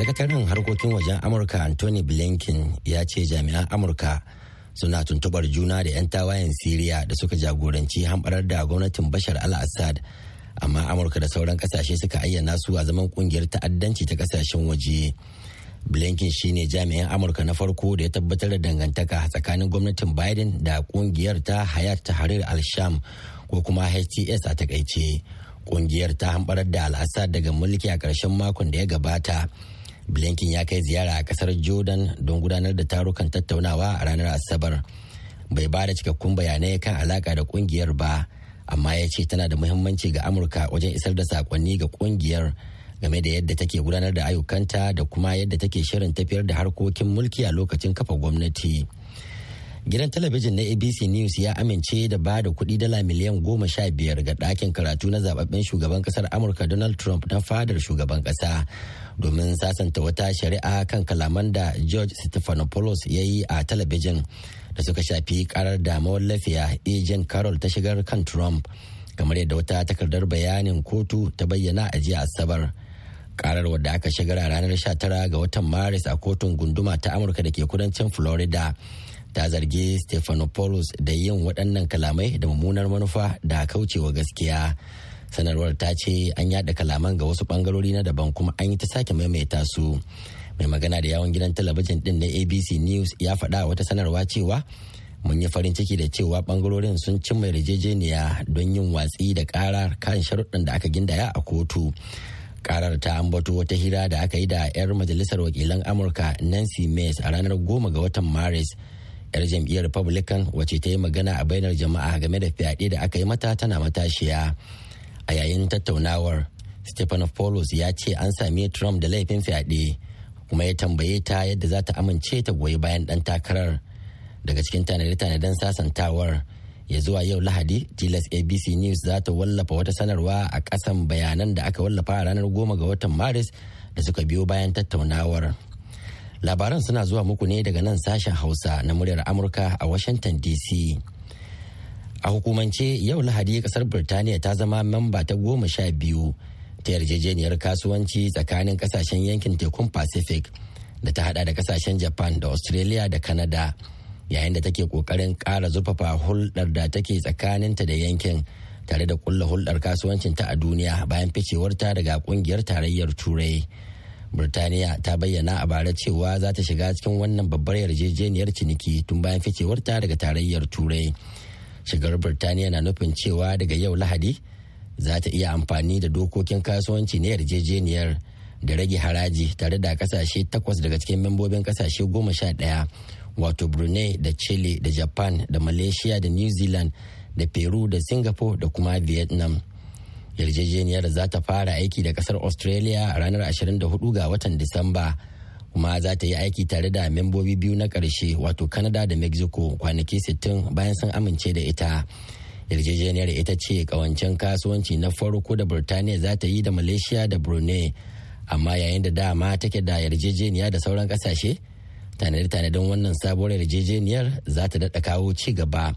sakataren harkokin wajen amurka anthony blinken ya ce jami'an amurka suna tuntubar juna da 'yan tawayen siriya da suka jagoranci hamɓarar da gwamnatin bashar al-assad amma amurka da sauran kasashe suka ayyana su a zaman kungiyar ta'addanci ta kasashen waje blinken shine jami'in amurka na farko da ya tabbatar da dangantaka tsakanin gwamnatin biden da kungiyar ta hayat tahrir al-sham ko kuma hts a takaice kungiyar ta hambarar da al'asar daga mulki a ƙarshen makon da ya gabata blinken ya kai ziyara a kasar jordan don gudanar da tarukan tattaunawa a ranar asabar bai ba da cikakkun bayanai kan alaka da kungiyar ba amma ya ce tana da muhimmanci ga amurka wajen isar da sakonni ga kungiyar game da yadda take gudanar da ayyukanta da kuma yadda take shirin tafiyar da harkokin mulki a lokacin kafa gwamnati. Gidan talabijin na ABC News ya amince da ba da kuɗi dala miliyan goma sha biyar ga ɗakin karatu na zababben shugaban ƙasar Amurka Donald Trump na fadar shugaban ƙasa domin sasanta wata shari'a kan kalaman da George Stephanopoulos ya yi a talabijin da suka shafi karar da mawallafiya Ejen Carol ta shigar kan Trump kamar yadda wata takardar bayanin kotu ta bayyana a jiya Asabar. karar wadda aka shigar a ranar 19 ga watan maris a kotun gunduma ta amurka da ke kudancin florida ta zarge stephanopoulos da yin waɗannan kalamai da mummunar manufa da kaucewa gaskiya sanarwar ta ce an yada kalaman ga wasu bangarori na daban kuma an yi ta sake maimaita su mai magana da yawon gidan talabijin ɗin na abc news ya faɗa wata sanarwa cewa mun yi farin ciki da cewa bangarorin sun cimma yarjejeniya don yin watsi da karar kan sharuɗin da aka gindaya a kotu karar ta ambato wata hira da aka yi da 'yar majalisar wakilan amurka nancy mace a ranar goma ga watan maris yar jam'iyyar republican wacce ta yi magana a bainar jama'a game da fyaɗe da aka yi mata tana matashiya a yayin tattaunawar stephen Paulus ya ce an sami trump da laifin fyaɗe kuma ya tambaye ta yadda za ta amince ta goyi bayan ɗan takarar daga cikin tanade-tanaden sasantawar ya zuwa yau lahadi tilas abc news za ta wallafa wata sanarwa a ƙasan bayanan da aka wallafa a ranar goma ga watan maris da suka biyo bayan tattaunawar. labaran suna zuwa muku ne daga nan sashen hausa na muryar amurka a washington dc a hukumance yau lahadi kasar birtaniya ta zama mamba ta goma sha biyu ta yarjejeniyar kasuwanci tsakanin kasashen yankin tekun pacific da ta hada da kasashen japan da australia da canada yayin da take kokarin kara zurfafa hulɗar da take tsakaninta da yankin tare da kulla hulɗar kasuwancinta a duniya bayan ficewarta daga kungiyar tarayyar turai Burtaniya ta bayyana a bara cewa za ta shiga cikin wannan babbar yarjejeniyar ciniki tun bayan ficewarta daga tarayyar Turai. Shigar Burtaniya na nufin cewa daga yau Lahadi za ta iya amfani da dokokin kasuwanci na yarjejeniyar da rage haraji tare da kasashe takwas daga cikin membobin kasashe goma sha ɗaya wato Brunei da Chile da Japan da Malaysia da New Zealand da Peru da Singapore da kuma Vietnam. yarjejeniyar za ta fara aiki da kasar australia a ranar 24 ga watan disamba kuma za ta yi aiki tare da membobi biyu na karshe wato canada da mexico kwanaki 60 bayan sun amince da ita yarjejeniyar ita ce kawancen kasuwanci na farko da burtaniya za ta yi da malaysia da brunei amma yayin da dama take da yarjejeniya da sauran kasashe tanadi tanadin wannan sabuwar yarjejeniyar za ta daɗa kawo ci gaba.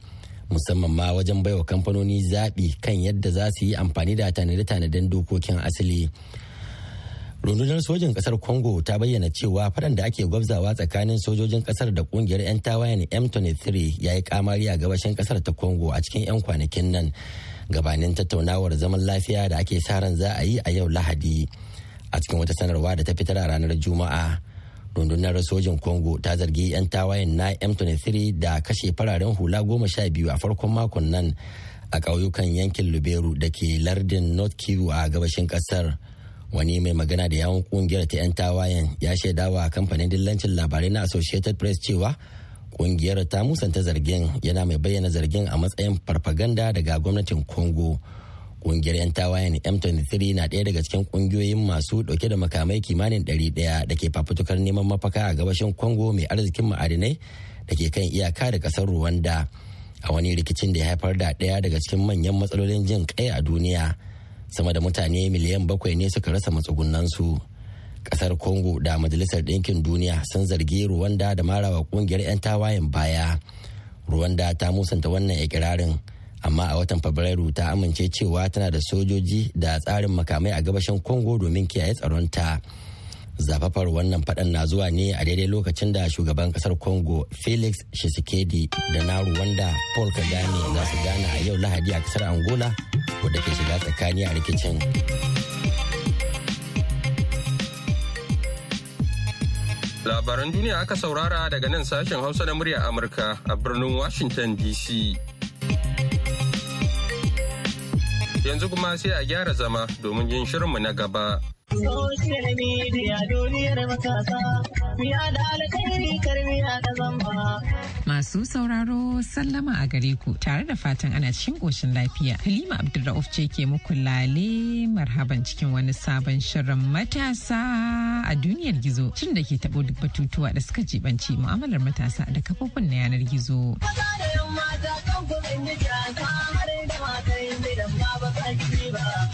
musamman ma wajen baiwa kamfanoni zaɓi kan yadda za su yi amfani da tanade-tanaden dokokin asali. rundunar sojin ƙasar congo ta bayyana cewa faɗan da ake gwabzawa tsakanin sojojin ƙasar da ƙungiyar 'yan tawayen m23 ya yi kamari a gabashin ƙasar ta congo a cikin 'yan kwanakin nan gabanin tattaunawar zaman lafiya da ake sa ran za a yi a yau lahadi a cikin wata sanarwa da ta fitar a ranar juma'a rundunar sojin congo ta zargi 'yan tawayen na m23 da kashe fararen hula goma sha biyu a farkon makon nan a ƙauyukan yankin luberu da ke lardin north kivu a gabashin ƙasar wani mai magana da yawon kungiyar ta 'yan tawayen ya shaidawa kamfanin dillancin labarai na associated press cewa kungiyar ta musanta zargin yana mai bayyana zargin a matsayin farfaganda daga gwamnatin congo. Kungiyar 'yan tawayen M23 na ɗaya daga cikin ƙungiyoyin masu ɗauke da makamai kimanin 100 da ke fafutukar neman mafaka a gabashin Congo mai arzikin ma'adinai da ke kan iyaka da ƙasar Rwanda a wani rikicin da ya haifar da ɗaya daga cikin manyan matsalolin jin kai a duniya. Sama da mutane miliyan bakwai ne suka rasa matsugunansu. Ƙasar Congo da Majalisar Ɗinkin Duniya sun zargi Rwanda da marawa ƙungiyar 'yan tawayen baya. Rwanda ta musanta wannan ikirarin. amma a watan fabrairu ta amince cewa tana da sojoji da tsarin makamai a gabashin congo domin kiyaye tsaronta zafafar wannan faɗan na zuwa ne a daidai lokacin da shugaban kasar congo felix shisekedi da na rwanda paul kagame za su gana a yau lahadi a kasar angola wadda ke shiga tsakani a rikicin labaran duniya aka saurara daga nan sashen hausa na murya amurka a birnin washington dc Yanzu kuma sai a gyara zama domin yin shirinmu na gaba. Social media duniyar matasa, da Masu sauraro sallama a gare ku tare da fatan ana cikin goshin lafiya. Halima Abdulrauf ce ke muku lale marhaban cikin wani sabon shirin matasa a duniyar gizo. Shin da ke taɓo duk batutuwa da suka jibanci mu'amalar matasa da kafofin na yanar gizo. da kan har da Akiva.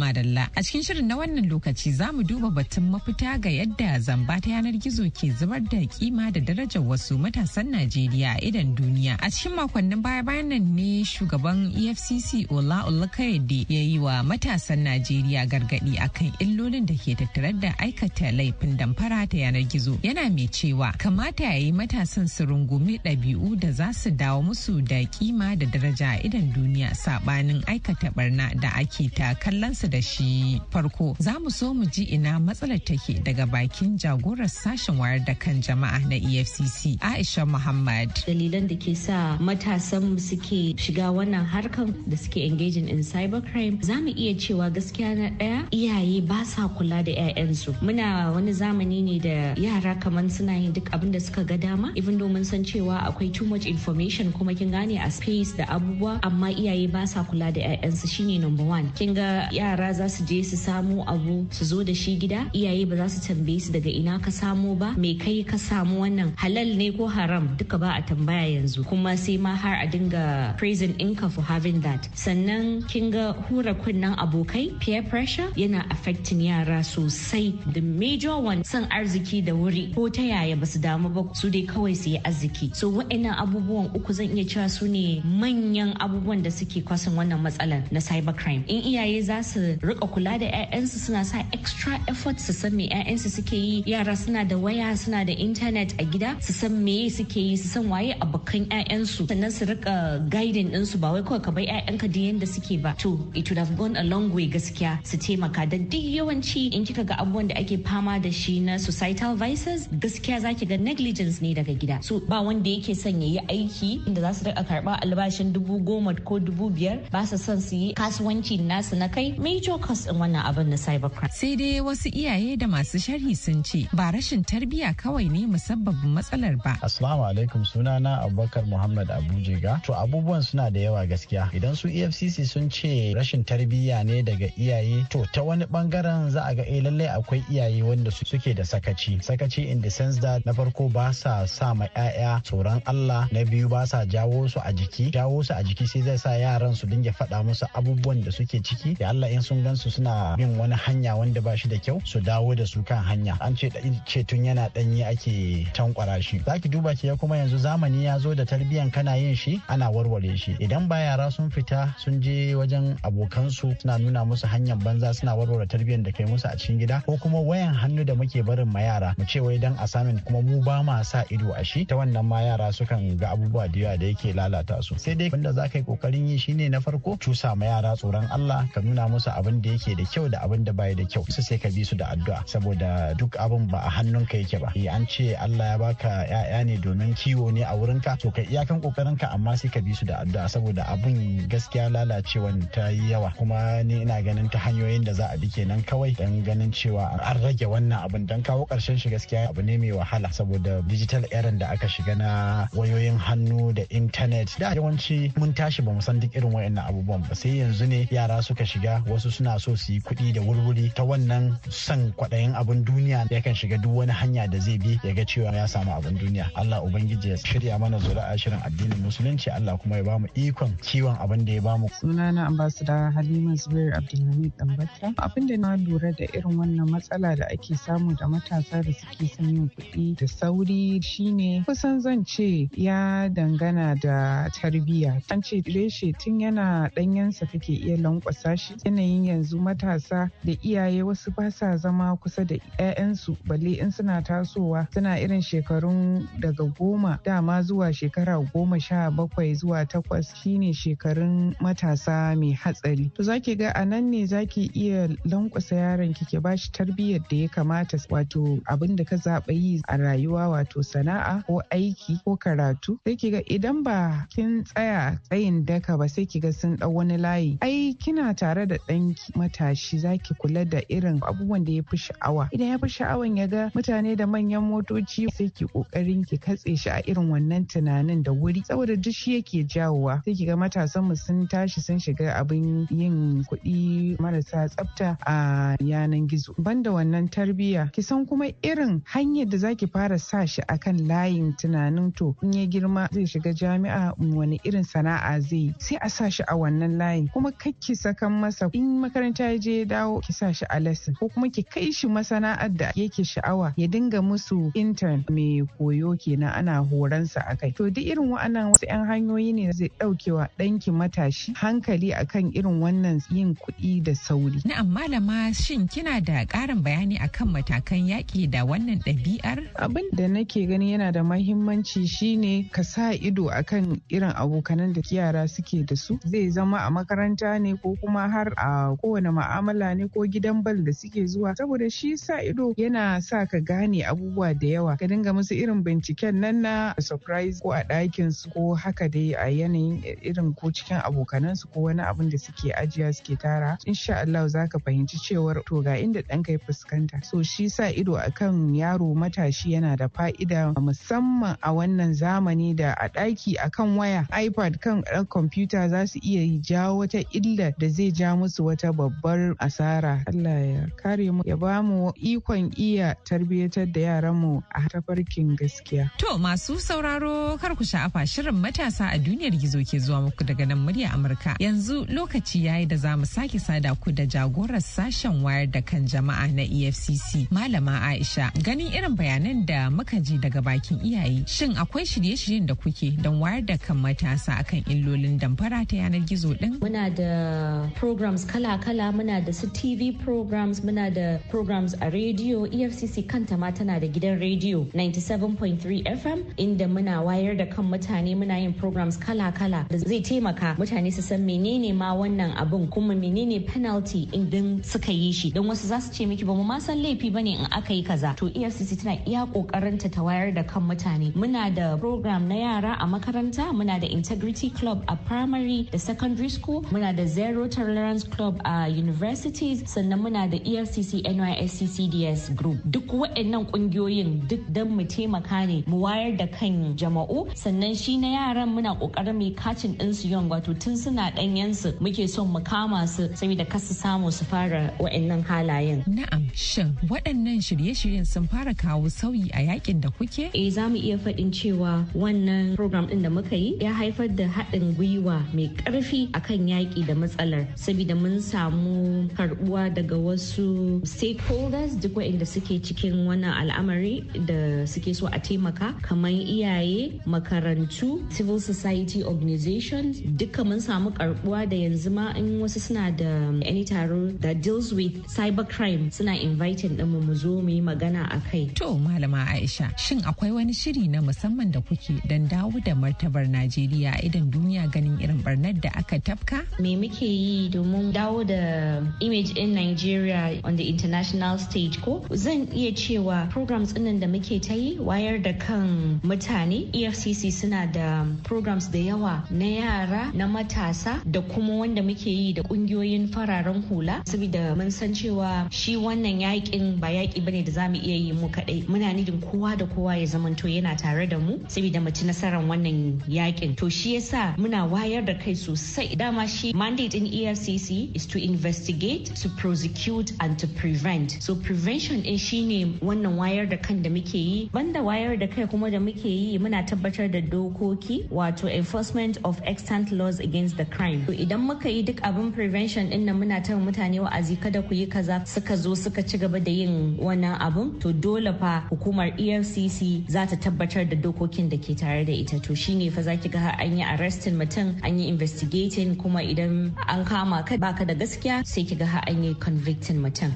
Madalla. A cikin shirin na wannan lokaci za mu duba batun mafita ga yadda zamba ta yanar gizo ke zubar da kima da darajar wasu matasan Najeriya a idan duniya. A cikin makonnin baya-bayan nan ne shugaban EFCC Ola Olukayede ya yi wa matasan Najeriya gargadi akan illolin da ke tattare da aikata laifin damfara ta yanar gizo. Yana mai cewa kamata ya yi matasan su rungumi ɗabi'u da za su dawo musu da kima da daraja a idan duniya saɓanin aikata barna da ake ta kallon su da shi farko za mu so mu ji ina matsalar take daga bakin jagorar sashen wayar da kan jama'a na efcc aisha muhammad dalilan da ke sa matasan suke shiga wannan harkan da suke engaging in cybercrime za mu iya cewa gaskiya na daya iyaye ba sa kula da 'ya'yansu muna wani zamani ne da yara kamar suna yin duk abin da suka ga dama even though mun san cewa akwai too much information kuma kin gane a space da abubuwa amma iyaye ba sa kula da 'ya'yansu shine number one kin ga yara yara za su je su samo abu su zo da shi gida iyaye ba za su tambaye su daga ina ka samo ba me kai ka samu wannan halal ne ko haram duka ba a tambaya yanzu kuma sai ma har a dinga prison ka for having that sannan kin ga hura kunnen abokai peer pressure yana affecting yara sosai the major one son arziki da wuri ko ta yaya ba su damu ba su dai kawai su yi arziki so wa'annan abubuwan uku zan iya cewa su ne manyan abubuwan da suke kwasan wannan matsalar na cybercrime in iyaye za su rika kula da 'ya'yansu suna sa extra effort su san me 'ya'yansu suke yi yara suna da waya suna da internet a gida su san me suke yi su san waye abokan 'ya'yansu sannan su rika guiding ɗinsu ba wai kawai ka bar 'ya'yanka da yanda suke ba to it would have gone a long way gaskiya su taimaka da duk yawanci in kika ga abubuwan da ake fama da shi na societal vices gaskiya zaki ga negligence ne daga gida so ba wanda yake son ya yi aiki inda za su rika karba albashin dubu goma ko dubu biyar ba su son su yi kasuwanci nasu na kai me major cause din wannan abin na cybercrime. Sai dai wasu iyaye da masu sharhi sun ce ba rashin tarbiyya kawai ne musabbabin matsalar ba. Assalamu alaikum sunana Abubakar Muhammad Abujega. To abubuwan suna da yawa gaskiya. Idan su EFCC sun ce rashin tarbiyya ne daga iyaye to ta wani bangaren za a ga eh lallai akwai iyaye wanda suke da sakaci. Sakaci in the sense that na farko ba sa sa ma 'ya'ya tsoron Allah na biyu ba sa jawo su a jiki. Jawo su a jiki sai zai sa yaran su dinga faɗa musu abubuwan da suke ciki. Ya Allah in sun gansu suna bin wani hanya wanda ba shi da kyau su dawo da su kan hanya an ce ce tun yana danyi ake tankwara shi zaki duba ki kuma yanzu zamani ya zo da tarbiyan kana yin shi ana warware shi idan ba yara sun fita sun je wajen abokansu suna nuna musu hanyar banza suna warware tarbiyan da kai musu a cikin gida ko kuma wayan hannu da muke barin ma yara mu ce wai dan assignment kuma mu ba ma sa ido a shi ta wannan ma yara sukan ga abubuwa da yawa da yake lalata su sai dai wanda za ka yi kokarin yi shine na farko cusa ma yara tsoron Allah ka nuna musu abin da yake da kyau da abin da bai da kyau su sai ka bi su da addu'a saboda duk abin ba a hannunka yake ba eh, an ce Allah ya baka ya'ya ne domin kiwo ne a wurin ka. to ka iyakan kokarinka amma sai ka bi su da addu'a saboda abin gaskiya lalacewan ta yi yawa kuma ni ina ganin ta hanyoyin da za a bi kenan kawai dan ganin cewa an rage wannan abin dan kawo karshen shi gaskiya abu ne mai wahala saboda digital era da aka shiga na wayoyin hannu da intanet da yawanci mun tashi ba mu san duk irin wayannan abubuwan ba sai yanzu ne yara suka shiga wasu suna so su yi kuɗi da wurwuri ta wannan son kwaɗayin abin duniya Ya kan shiga duk wani hanya da zai bi ya ga cewa ya samu abin duniya Allah ubangiji ya shirya mana zuri'a shirin addinin musulunci Allah kuma ya bamu ikon kiwon abin da ya bamu sunana ambassador Halima Zubair Abdulhamid Dambata abin da na lura da irin wannan matsala da ake samu da matasa da suke son yin kuɗi da sauri shine kusan zan ce ya dangana da tarbiyya an ce reshe tun yana ɗanyensa kake iya lankwasa shi yanayin yanzu matasa da iyaye wasu ba sa zama kusa da 'ya'yansu balle in suna tasowa suna irin shekarun daga goma dama zuwa shekara goma sha bakwai zuwa takwas shine shekarun matasa mai hatsari to zaki ga a nan ne zaki iya lankwasa yaron ki ba bashi tarbiyyar da ya kamata wato abin da ka zaɓa yi a rayuwa wato sana'a ko aiki ko karatu sai ki ga idan ba kin tsaya tsayin daka ba sai ki ga sun ɗau wani layi ai kina tare da ɗan idan matashi zaki kula da irin abubuwan da ya fi sha'awa idan ya fi sha'awan ya ga mutane da manyan motoci sai ki kokarin ki katse shi a irin wannan tunanin da wuri saboda duk shi yake jawowa sai ki ga matasan mu sun tashi sun shiga abin yin kuɗi marasa tsafta a yanan gizo banda wannan tarbiyya ki san kuma irin hanyar da zaki fara sa shi akan layin tunanin to in ya girma zai shiga jami'a wani irin sana'a zai sai a sa shi a wannan layin kuma kakki sakan masa in in makaranta ya je ya dawo ki sa shi a lesson ko kuma ki kai shi masana'ar da yake sha'awa ya dinga musu intern mai koyo kenan ana horonsa a kai to duk irin wa'annan wasu 'yan hanyoyi ne zai wa ɗanki matashi hankali akan irin wannan yin kuɗi da sauri. amma malama shin kina da ƙarin bayani akan matakan yaƙi da wannan ɗabi'ar? Abin da nake gani yana da mahimmanci shine ka sa ido akan irin abokanan da yara suke da su zai zama a makaranta ne ko kuma har a kowane ma'amala ne ko gidan bal da suke zuwa saboda shi sa ido yana sa ka gane abubuwa da yawa ka dinga musu irin binciken nan na surprise ko a ɗakin su ko haka dai a yanayin irin ko cikin abokanan su ko wani abin da suke ajiya suke tara insha Allah za ka fahimci cewar to ga inda ɗanka ya fuskanta so shi sa ido akan yaro matashi yana da fa'ida musamman a wannan zamani da a ɗaki akan waya ipad kan computer za su iya jawo wata illa da zai ja musu wata babbar asara Allah ya kare mu ya ba mu ikon iya tarbiyyatar da yaranmu a tafarkin gaskiya. To masu sauraro kar ku sha'afa shirin matasa a duniyar gizo ke zuwa muku daga nan murya Amurka. Yanzu lokaci yayi da za mu sake sada ku da jagorar sashen wayar da kan jama'a na EFCC Malama Aisha. Ganin irin bayanan da muka ji daga bakin iyaye shin akwai shirye-shiryen da kuke don wayar da kan matasa akan illolin damfara ta yanar gizo din? Muna da programs kala kala-kala muna da su tv programs muna da programs a rediyo efcc kanta ma tana da gidan rediyo 97.3 fm inda muna wayar da kan mutane muna yin programs kala-kala da zai taimaka mutane su san menene ma wannan abun kuma menene penalty idan suka yi shi don wasu za su ce miki ba mu ma san laifi bane in aka yi kaza to efcc tana iya kokarinta ta wayar da kan mutane muna da program na yara a makaranta muna da integrity club a primary da secondary school muna da zero tolerance club club a universities sannan muna da EFCC cds group duk waɗannan ƙungiyoyin duk don mu taimaka ne mu wayar da kan jama'u sannan shi na yaran muna ƙoƙarin mai kacin ɗinsu yon wato tun suna ɗanyensu muke son mu kama su saboda kasu samu su fara waɗannan halayen. Na'am shin waɗannan shirye-shiryen sun fara kawo sauyi a yakin da kuke? Eh za mu iya faɗin cewa wannan program ɗin da muka yi ya haifar da haɗin gwiwa mai ƙarfi akan yaƙi da matsalar saboda mun samu karbuwa daga wasu stakeholders duk waɗanda suke cikin wannan al'amari da suke so a taimaka kamar iyaye makarantu civil society organizations duka mun samu karbuwa da yanzu ma in wasu suna da any taro da deals with cyber crime suna inviting ɗinmu mu zo mu yi magana a kai. To malama Aisha shin akwai wani shiri na musamman da kuke don dawo da martabar Najeriya idan duniya ganin irin barnar da aka tafka? Me muke yi domin dawo dawo da image in Nigeria on the international stage ko zan iya cewa programs ɗinnan da muke ta yi wayar da kan mutane EFCC suna da programs da yawa na yara na matasa da kuma wanda muke yi da ƙungiyoyin fararen hula saboda mun san cewa shi wannan yaƙin ba yaki bane da zamu iya yi mu kaɗai muna nidin kowa da kowa ya zamanto yana tare da mu saboda mu ci nasarar wannan yakin to shi yasa muna wayar da kai sosai dama shi mandate din EFCC is to investigate to prosecute and to prevent so prevention shi shine wannan wayar da kan da muke yi banda wayar da kai kuma da muke yi muna tabbatar da dokoki wato enforcement of extant laws against the crime to idan muka yi duk abin prevention din nan muna ta mutane wa'azi kada ku yi kaza suka zo suka ci gaba da yin wannan abin to dole fa hukumar EFCC za ta tabbatar da dokokin da ke tare da ita to shine fa zaki ga an yi arresting mutum an yi investigating kuma idan an kama ka baka baka da gaskiya sai kiga ha an yi convicting mutum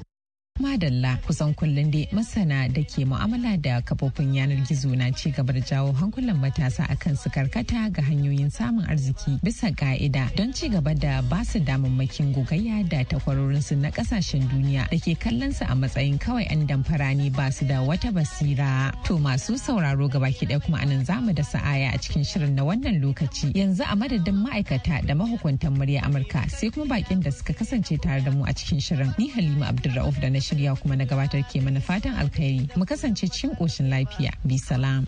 Madalla kusan kullum dai masana da ke mu'amala da kafofin yanar gizo na ci gaba da jawo hankulan matasa akan su karkata ga hanyoyin samun arziki bisa ka'ida don ci gaba da ba su damammakin gogayya da takwarorinsu na kasashen duniya da ke kallon su a matsayin kawai an damfara ne ba su da wata basira. To masu sauraro gaba ɗaya kuma anan zamu da sa'aya a cikin shirin na wannan lokaci yanzu a madadin ma'aikata da mahukuntan murya Amurka sai kuma bakin da suka kasance tare da mu a cikin shirin ni Halima Abdulrauf da na shirya kuma na gabatar ke mana fatan alkhairi mu kasance cikin koshin lafiya bi salam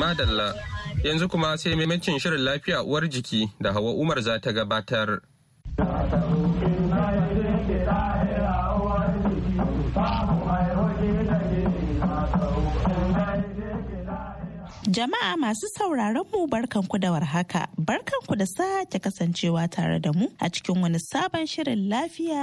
madalla yanzu kuma sai maimacin shirin lafiya uwar jiki da hawa umar za ta gabatar Jama'a masu sauraron mu barkanku da warhaka, barkanku da sake kasancewa tare da mu a cikin wani sabon shirin lafiya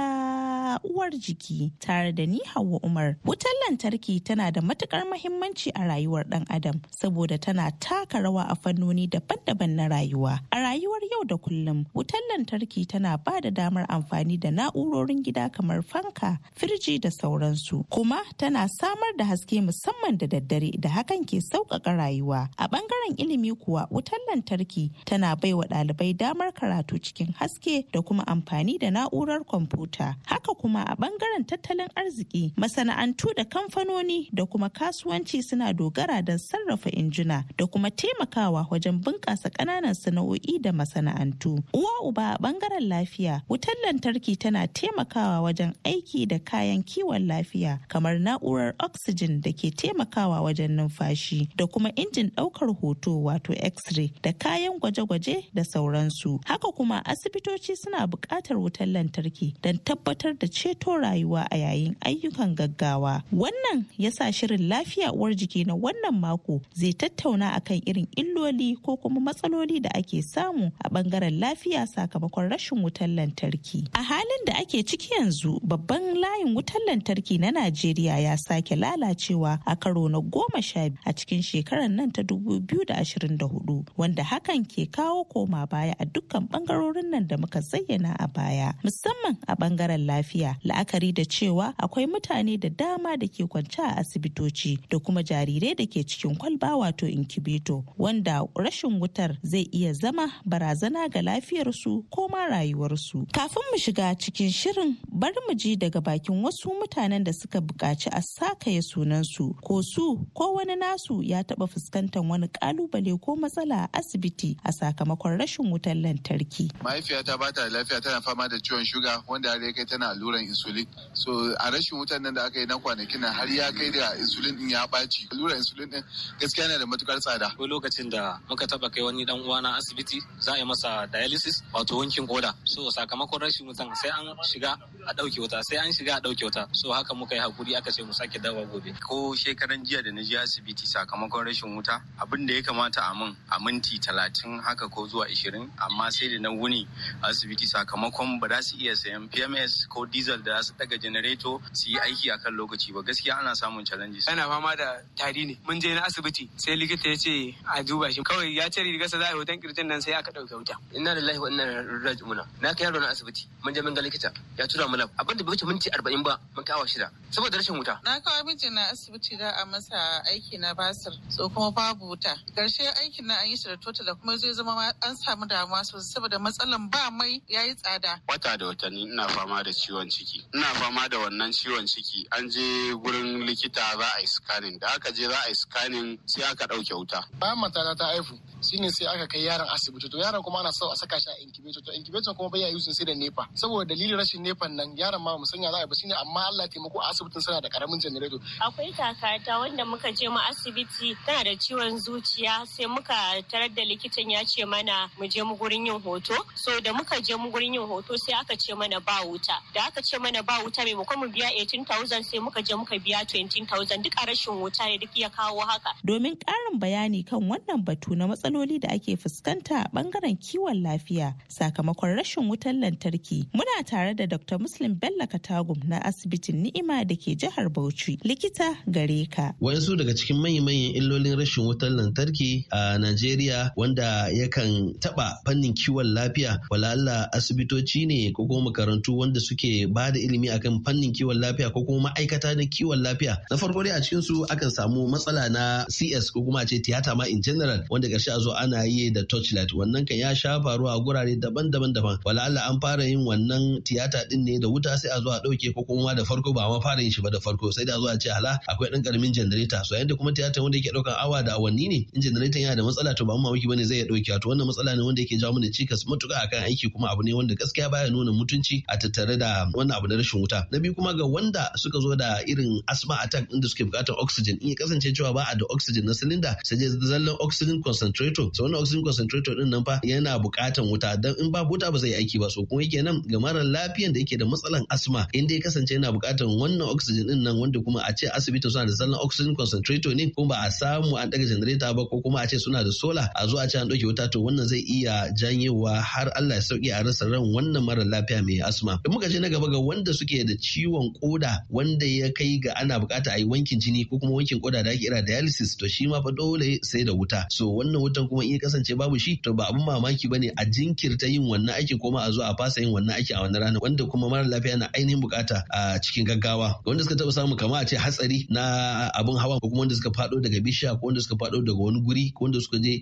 uwar jiki tare da ni Hauwa Umar. Wutar lantarki tana da matukar mahimmanci a rayuwar ɗan adam saboda tana taka rawa a fannoni daban-daban na rayuwa. A rayuwar yau da kullum, wutar lantarki tana ba da damar amfani da na'urorin gida kamar fanka, firji da sauransu. Kuma tana samar da haske musamman da daddare da hakan ke sauƙaƙa rayuwa. rayuwa a bangaren ilimi kuwa wutar lantarki tana bai wa ɗalibai damar karatu cikin haske da kuma amfani da na'urar kwamfuta haka kuma a bangaren tattalin arziki masana'antu da kamfanoni da kuma kasuwanci suna dogara don sarrafa injina da kuma taimakawa wajen bunƙasa ƙananan sana'o'i da masana'antu uwa uba a bangaren lafiya wutar lantarki tana taimakawa wajen aiki da kayan kiwon lafiya kamar na'urar oxygen da ke taimakawa wajen numfashi da kuma injin ɗin ɗaukar hoto wato x-ray da kayan gwaje-gwaje da sauransu. Haka kuma asibitoci suna buƙatar wutar lantarki don tabbatar da ceto rayuwa a yayin ayyukan gaggawa. Wannan ya sa shirin lafiya uwar jiki na wannan mako zai tattauna akan irin illoli ko kuma matsaloli da ake samu a ɓangaren lafiya sakamakon rashin wutar lantarki. A halin da ake ciki yanzu babban layin wutar lantarki na Najeriya ya sake lalacewa a karo na goma sha a cikin shekarar nan ta 2024 wanda hakan ke kawo koma baya a dukkan bangarorin nan da muka zayyana a baya musamman a bangaren lafiya la'akari da cewa akwai mutane da dama da ke kwance a asibitoci da kuma jarirai da ke cikin kwalba wato inkibito wanda rashin wutar zai iya zama barazana ga lafiyarsu ko ma rayuwarsu kafin mu shiga cikin shirin bari mu ji daga bakin wasu mutanen da suka buƙaci a sakaye sunansu ko su ko wani nasu ya taɓa fuskantar fuskantar wani kalubale ko matsala a asibiti a sakamakon rashin wutar lantarki. Mahaifiyata ba ta lafiya tana fama da ciwon shuga wanda har ya kai tana alluran insulin. So a rashin wutar nan da aka yi na kwanakin nan har ya kai da insulin din ya ɓaci. Alluran insulin din gaskiya yana da matukar tsada. Ko lokacin da muka taba kai wani dan uwa na asibiti za a yi masa dialysis wato wankin koda. So sakamakon rashin wutan sai an shiga a ɗauke wuta sai an shiga a ɗauke wuta. So haka muka yi hakuri aka ce mu sake dawa gobe. Ko shekaran jiya da na je asibiti sakamakon rashin wuta abin da ya kamata a min a minti talatin haka ko zuwa ishirin amma sai da na wuni asibiti sakamakon ba za su iya sayan pms ko diesel da za su daga janareto su yi aiki akan lokaci ba gaskiya ana samun challenges ana fama da tari ne mun je na asibiti sai likita ya ce a duba shi kawai ya riga sa za a yi hoton kirjin nan sai aka ɗauke wuta ina da lahi wannan raj muna na kai yaro na asibiti mun je mun ga likita ya tura mu lab abin da bai wuce minti arba'in ba mun kawo shida saboda rashin wuta na kawo mijina asibiti da a masa aiki na basir so kuma babu wuta karshe aikin na an yi shi da tota da kuma zai zama an samu damuwa sosai saboda matsalan ba mai ya yi tsada wata da watanni ina fama da ciwon ciki ina fama da wannan ciwon ciki an je gurin likita za a yi scanning da aka je za a yi scanning sai aka ɗauke wuta bayan matana ta haihu. shine sai aka kai yaran asibiti to yaron kuma ana so a saka shi a incubator to incubator kuma bai yi sai da nepa saboda dalilin rashin nepa nan yaron ma musan ya za a shine amma Allah taimako a asibitin suna da karamin generator akwai kakata wanda muka je mu asibiti tana da ciwon zuciya sai muka tarar da likitan ya ce mana mu je mu gurin yin hoto so da muka je mu gurin yin hoto sai aka ce mana ba wuta da aka ce mana ba wuta maimakon mu biya 18,000 sai muka je muka biya 20,000 duk a rashin wuta ne duk ya kawo haka domin karin bayani kan wannan batu na matsalolin matsaloli da ake fuskanta a bangaren kiwon lafiya sakamakon rashin wutar lantarki. Muna tare da Dr. Muslim Bello Katagum na asibitin Ni'ima da ke jihar Bauchi. Likita gare ka. Wayansu daga cikin manyan illolin rashin wutar lantarki a Najeriya wanda yakan taba fannin kiwon lafiya wala asibitoci ne ko kuma makarantu wanda suke ba da ilimi akan fannin kiwon lafiya ko kuma ma'aikata na kiwon lafiya. Na farko dai a cikin su akan samu matsala na CS ko kuma ce tiyata ma in general wanda karshe a zo ana yi da torchlight wannan kan ya sha faruwa a gurare daban-daban daban wala Allah an fara yin wannan tiyata din ne da wuta sai a zo a dauke ko kuma da farko ba ma fara yin shi ba da farko sai da zo a ce hala akwai dan karamin generator so yanda kuma tiyata wanda yake daukan awa da awanni ne in generator yana da matsala to ba mu mamaki bane zai ya dauke to wannan matsala ne wanda yake jawo mana cikas mutuka akan aiki kuma abu ne wanda gaskiya baya nuna mutunci a tattare da wannan abu na rashin wuta na biyu kuma ga wanda suka zo da irin asma attack inda suke bukatar oxygen in ya kasance cewa ba a da oxygen na silinda sai zallan oxygen concentrate concentrator so wannan oxygen concentrator din nan fa yana buƙatar wuta dan in babu wuta ba zai aiki ba so kuma yake nan ga mara lafiyan da yake da matsalan asma in dai kasance yana buƙatar wannan oxygen din nan wanda kuma a ce asibiti suna da zallan oxygen concentrator ne kuma ba a samu an daga generator ba ko kuma a ce suna da solar a zo a ce an dauke wuta to wannan zai iya janyewa har Allah ya sauki a rasa ran wannan mara lafiya mai asma in muka ce na gaba ga wanda suke da ciwon koda wanda ya kai ga ana buƙata a yi wankin jini ko kuma wankin koda da ake kira dialysis to shi ma fa dole sai da wuta so wannan wutan kuma in ya kasance babu shi to ba abun mamaki bane a jinkirta yin wannan aiki. kuma a zo a fasa yin wannan aiki a wannan ranar wanda kuma mara lafiya na ainihin bukata a cikin gaggawa wanda suka taba samu kama a ce hatsari na abun hawa ko kuma wanda suka fado daga bishiya ko wanda suka fado daga wani guri ko wanda suka je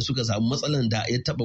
suka samu matsalan da ya taba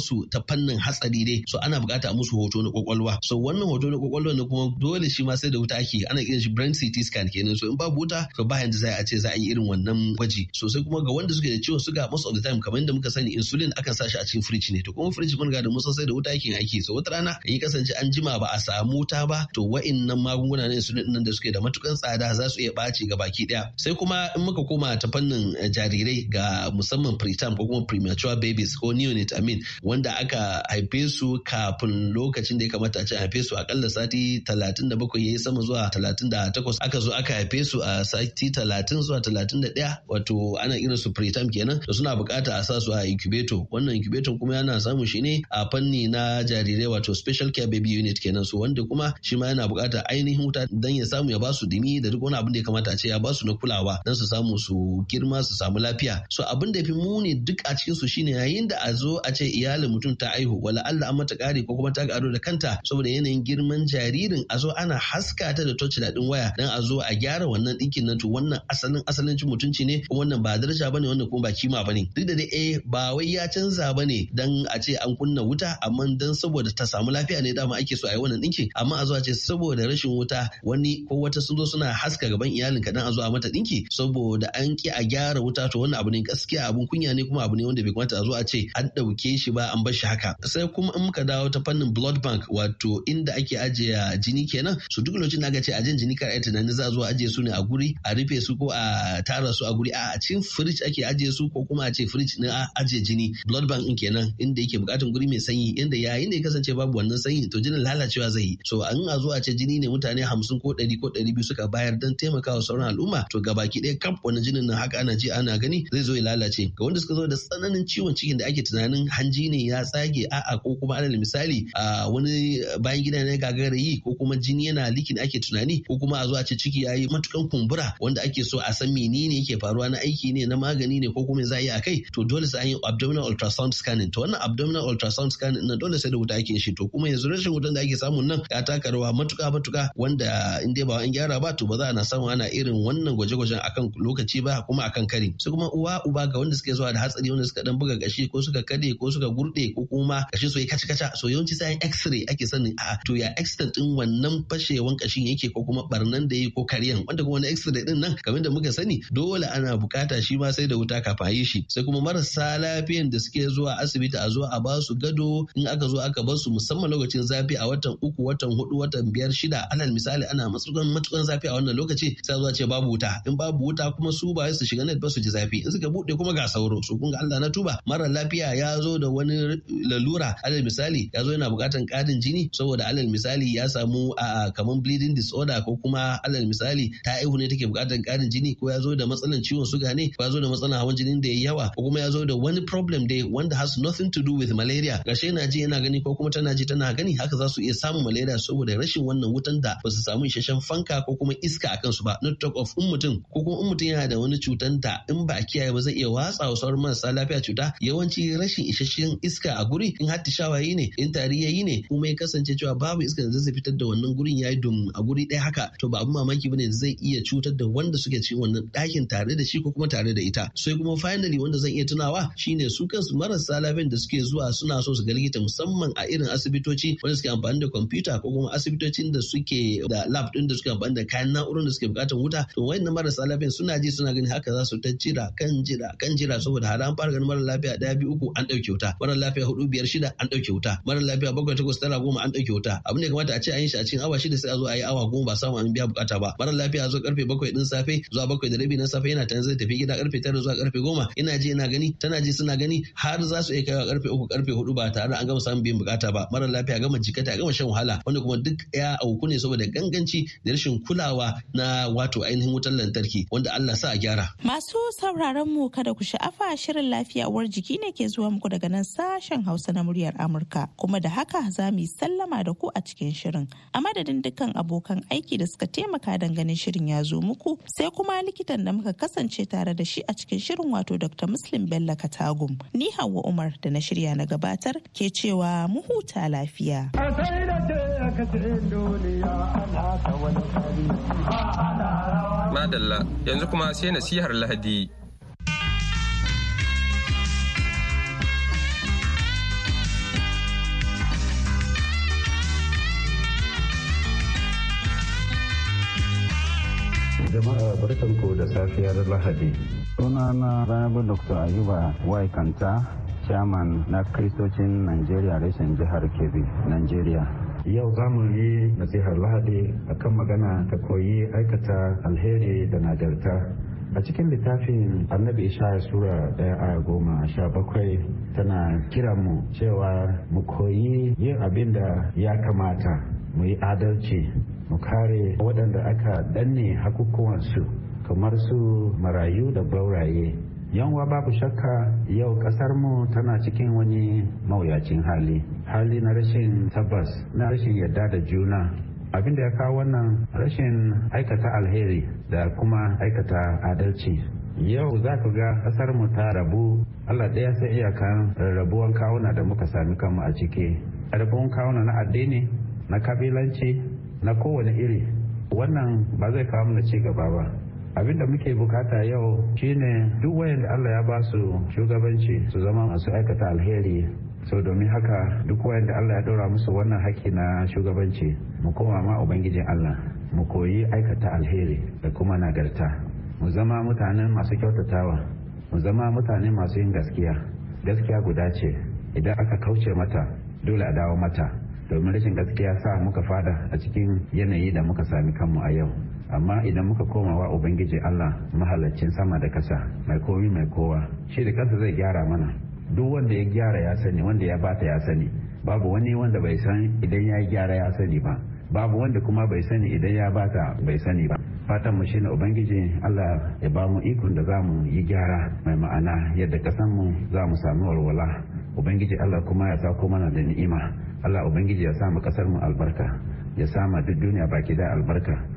su ta fannin hatsari ne. so ana bukata a musu hoto na kwakwalwa so wannan hoto na kwakwalwa ne kuma dole shi ma sai da wuta ake ana kiran shi brain CT scan kenan so in babu wuta to ba yanda za a ce za a yi irin wannan gwaji sosai kuma ga wanda suke da ciwon suga most of the time kamar yadda muka sani insulin akan sa shi a cikin fridge ne to kuma fridge mun ga da musa sai da wuta yake aiki so wata rana in kasance an jima ba a samu wuta ba to wa'innan magunguna na insulin din nan da suke da matukan tsada za su iya ɓaci ga baki daya sai kuma in muka koma ta fannin eh, jarirai ga musamman preterm ko kuma premature babies ko neonate amin wanda aka haife su kafin lokacin da ya kamata a ce haife su akalla sati 37 yayi sama zuwa 38 aka zo aka haife su a sati 30 zuwa 31 wato ana irin su preterm kenan da suna bukata a sasu a incubator wannan incubator kuma yana samu shi ne a fanni na jarirai wato special care baby unit kenan su wanda kuma shi ma yana bukata ainihin wuta dan ya samu ya basu dimi da duk wani abin da ya kamata a ce ya basu na kulawa dan su samu su girma su samu lafiya so abin da fi muni duk a cikin su shine yayin da a zo a ce iyalin mutum ta aihu wala Allah an mata kare ko kuma ta karo da kanta saboda yanayin girman jaririn a zo ana haska ta da torchlight din waya dan a zo a gyara wannan dinkin nan to wannan asalin asalin mutunci ne wannan ba daraja bane wannan kuma ba kima ne duk da dai eh ba wai ya canza bane dan a ce an kunna wuta amma dan saboda ta samu lafiya ne dama ake so a yi wannan dinkin amma a zuwa ce saboda rashin wuta wani ko wata sun zo suna haska gaban iyalin ka a zuwa mata dinki saboda an ki a gyara wuta to wannan abu ne gaskiya abun kunya ne kuma abu ne wanda bai kamata a zo a ce an dauke shi ba an bar shi haka sai kuma in muka dawo ta fannin blood bank wato inda ake ajiye jini kenan su duk lokacin da ce ajin jini kar ai tunanin za a zo ajiye su ne a guri a rufe su ko a tara su a guri a cikin firij ake ajiye su ko kuma kuma a ce fridge na ajiye jini blood bank in kenan inda yake bukatan guri mai sanyi inda yayin inda ya kasance babu wannan sanyi to jinin lalacewa zai yi so an a zo ce jini ne mutane hamsin ko ɗari ko ɗari biyu suka bayar don taimakawa sauran al'umma to gabaki ɗaya kam wani jinin nan haka ana ji ana gani zai zo ya lalace ga wanda suka zo da tsananin ciwon cikin da ake tunanin hanji ne ya tsage a ko kuma alal misali a wani bayan gida ne gagara yi ko kuma jini yana likin ake tunani ko kuma a zo a ce ciki yayi matukan kumbura wanda ake so a san menene yake faruwa na aiki ne na magani ne ko kuma za a yi akai to dole sai an yi abdominal ultrasound scanning to wannan abdominal ultrasound scanning na dole sai da wuta ake shi to kuma yanzu rashin wutan da ake samu nan ya taka rawa matuka matuka wanda in dai ba an gyara ba to ba za a na samu ana irin wannan gwaje-gwajen akan lokaci ba kuma akan kari su kuma uwa uba ga wanda suke zuwa da hatsari wanda suka dan buga gashi ko suka kade ko suka gurde ko kuma gashi su yi kaca-kaca so yawanci sai an x-ray ake sanin a to ya extent din wannan fashewan kashin yake ko kuma barnan da yi ko karyan wanda kuma wani x-ray din nan kamar da muka sani dole ana bukata shi ma sai da wuta kafa yi shi shi sai kuma marasa lafiyan da suke zuwa asibiti a zo a ba su gado in aka zo aka ba su musamman lokacin zafi a watan uku watan hudu watan biyar shida alal misali ana matsugan matukan zafi a wannan lokaci sai zuwa ce babu wuta in babu wuta kuma su ba su shiga net ba su ji zafi in suka bude kuma ga sauro su kun Allah na tuba mara lafiya ya zo da wani lalura alal misali ya zo yana bukatan kadin jini saboda alal misali ya samu a kaman bleeding disorder ko kuma alal misali ta aihu ne take bukatan kadin jini ko ya zo da matsalan ciwon suga ne ko ya zo da matsalan hawan jinin da ya yawa ko kuma ya zo da wani problem dai wanda has nothing to do with malaria gashe na ji yana gani ko kuma tana ji tana gani haka za su iya samun malaria saboda rashin wannan wutan da ba su samu isasshen fanka ko kuma iska a kansu ba not talk of in mutum ko kuma in mutum yana da wani cutan da in ba a kiyaye ba zai iya watsa wa sauran marasa lafiya cuta yawanci rashin isasshen iska a guri in har yi ne in tari ya yi ne kuma ya kasance cewa babu iska da zai fitar da wannan gurin ya yi dum a guri ɗaya haka to ba abin mamaki ne zai iya cutar da wanda suke cikin wannan ɗakin tare da shi ko kuma tare da ita sai kuma finally misali wanda zan iya tunawa shine su kansu marasa lafiyan da suke zuwa suna so su ga likita musamman a irin asibitoci wanda suke amfani da kwamfuta ko kuma asibitocin da suke da lab din da suke amfani da kayan na'urar da suke bukatar wuta to wayannan marasa lafiyan suna ji suna gani haka za su ta jira kan jira kan jira saboda har an fara ganin mara lafiya daya biyu uku an dauke wuta mara lafiya hudu biyar shida an dauke wuta mara lafiya bakwai takwas tara goma an dauke wuta abin da kamata a ce an yi shi a cikin awa shida sai a zo a yi awa goma ba samu an biya bukata ba mara lafiya zo karfe bakwai din safe zuwa bakwai da rabi na safe yana tanzai tafi gida karfe tara zuwa karfe goma ina je ina gani tana je suna gani har za su iya kaiwa karfe uku karfe hudu ba tare an gama samun biyan bukata ba mara lafiya gama jikata gama shan wahala wanda kuma duk ya auku ne saboda ganganci da rashin kulawa na wato ainihin wutar lantarki wanda Allah sa a gyara. Masu sauraron mu kada ku sha'afa shirin lafiya uwar jiki ne ke zuwa muku daga nan sashen Hausa na muryar Amurka kuma da haka za mu yi sallama da ku a cikin shirin. A madadin dukkan abokan aiki da suka taimaka dangane shirin ya zo muku sai kuma likitan da muka kasance tare da shi a cikin shirin wato da Dr. Muslim Bello Katagum. Ni Hauwa Umar da na shirya na gabatar ke cewa mu huta lafiya. Madalla yanzu kuma sai nasihar Lahadi. jama'a barkanku da safiyar lahadi Suna na ranar dr ayuba y kanta chairman na kristocin nigeria reshen jihar kebbi nigeria yau za mu yi nasihar lahadi a kan magana ta koyi aikata alheri da nagarta a cikin littafin annabi ishaya sura daya a goma sha bakwai tana mu cewa mu koyi yin abin da ya kamata mu yi adalci mu kare waɗanda aka danne hakukuwansu kamar su marayu da bauraye yanwa babu shakka yau kasar mu tana cikin wani mawuyacin hali hali na rashin tabbas na rashin yarda da juna abinda ya kawo wannan rashin aikata alheri da kuma aikata adalci yau za ku ga kasar mu ta rabu allah ɗaya sai iyakan rabuwan kawuna da muka sami kanmu a ciki rabuwan kawuna na addini na kabilanci na kowane iri wannan ba zai kawo mana ci gaba ba abin da muke bukata yau shine duk wayanda Allah ya ba su shugabanci su zama masu aikata alheri So domin haka duk wayanda Allah ya dora musu wannan haƙƙi na shugabanci mu koma ma ubangijin Allah mu koyi aikata alheri da kuma nagarta mu zama mutane masu kyautatawa mu zama mutane masu yin gaskiya gaskiya guda ce idan aka kauce mata dole a dawo mata domin rashin gaskiya sa muka fada a cikin yanayi da muka sami kanmu a yau amma idan muka koma wa ubangiji allah mahalaccin sama da kasa mai komi mai kowa shi da kansa zai gyara mana duk wanda ya gyara ya sani wanda ya bata ya sani babu wani wanda bai san idan ya gyara ya sani ba babu wanda kuma bai sani idan ya bata bai sani ba fatan mu shine ubangiji Allah ya ba mu ikon da zamu yi gyara mai ma'ana yadda kasan mu za mu samu walwala ubangiji Allah kuma ya sa na da ni'ima Allah ubangiji ya sa mu kasar mu albarka ya sa ma duk duniya baki da albarka